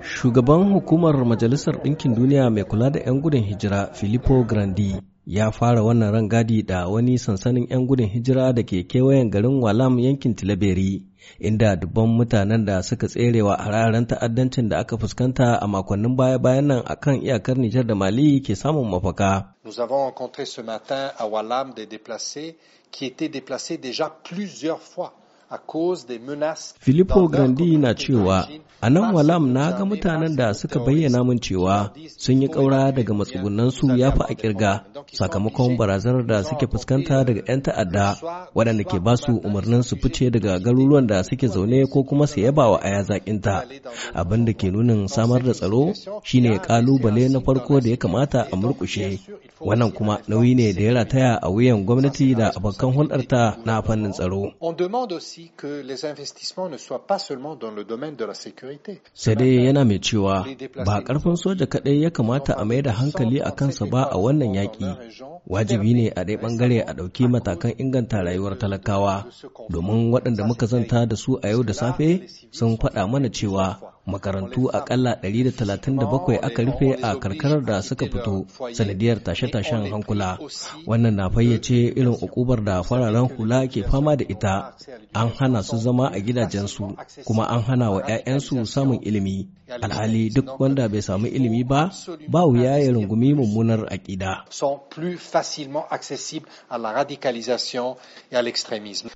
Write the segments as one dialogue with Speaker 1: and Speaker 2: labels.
Speaker 1: Shugaban hukumar Majalisar Ɗinkin Duniya mai kula da 'yan gudun hijira Filippo Grandi ya fara wannan rangadi da wani sansanin 'yan gudun hijira da ke kewayen garin Walam yankin Tilaberi, inda dubban mutanen da suka tserewa a hararen ta'addancin da aka fuskanta a makonnin baya-bayan nan a kan iyakar Nijar da Mali ke samun mafaka.
Speaker 2: Nous avons rencontré ce matin à Walam des déplacés qui étaient déplacés déjà plusieurs fois. Filippo Grandi
Speaker 1: na cewa A nan walam na ga mutanen da suka bayyana mun cewa sun yi ƙaura daga matsugunansu ya fi a ƙirga sakamakon barazanar da suke fuskanta daga 'yan ta'adda waɗanda ke ba su umarnin su fice daga garuruwan da suke zaune ko kuma su yaba wa aya zaƙinta. Abin da ke nunin samar da tsaro shine ƙalubale na farko da ya kamata a murƙushe. Wannan kuma nauyi ne da ya rataya a wuyan gwamnati da abokan hulɗarta na fannin tsaro. On demande aussi que les
Speaker 2: ne soient pas seulement dans le domaine de la
Speaker 1: sai dai yana mai cewa ba karfin soja kaɗai ya kamata a mai da hankali a kansa ba a wannan yaƙi wajibi ne a ɗaya ɓangare a ɗauki matakan inganta rayuwar talakawa domin waɗanda muka zanta da su a yau da safe sun faɗa mana cewa makarantu akalla 137 aka rufe a karkarar da suka fito sanadiyar tashe-tashen hankula wannan na fayyace irin ukubar da fararen hula ke fama da ita an hana su zama a gidajensu kuma an hana wa 'ya'yansu samun ilimi alhali duk wanda bai samu ilimi ba ba wuya ya rungumi mummunar aƙida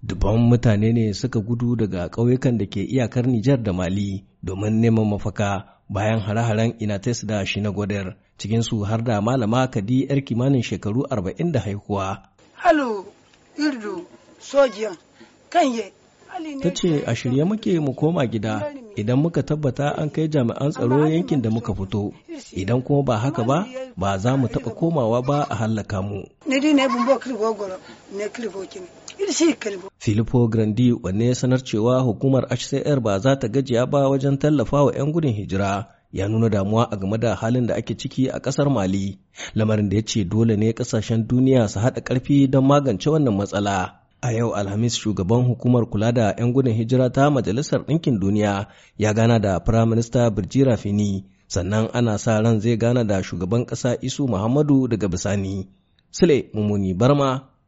Speaker 1: dubban mutane ne suka gudu daga ƙauyukan da ke iyakar Nijar da Mali domin neman mafaka bayan hare-haren ina da shi na gwadar cikinsu har da malama kadi yar kimanin shekaru arba'in da haihuwa. Halo, irdu, sojiyan, kanye. Ta ce a shirye muke mu koma gida idan muka tabbata an kai jami'an tsaro yankin da muka fito, idan kuma ba haka ba, ba za mu taɓa komawa ba a hallaka mu. Ni ne ne Filippo Grandi wanne ya sanar cewa hukumar HCR ba za ta gajiya ba wajen tallafa wa 'yan gudun hijira ya nuna damuwa a game da halin da ake ciki a ƙasar Mali, lamarin da ya ce dole ne ƙasashen duniya su haɗa ƙarfi don magance wannan matsala. A yau Alhamis shugaban hukumar kula da 'yan gudun hijira ta Majalisar Ɗinkin Duniya ya gana da Firaminista Birjira Fini, sannan ana sa ran zai gana da shugaban ƙasa Isu Muhammadu daga bisani. Sule Mumuni Barma,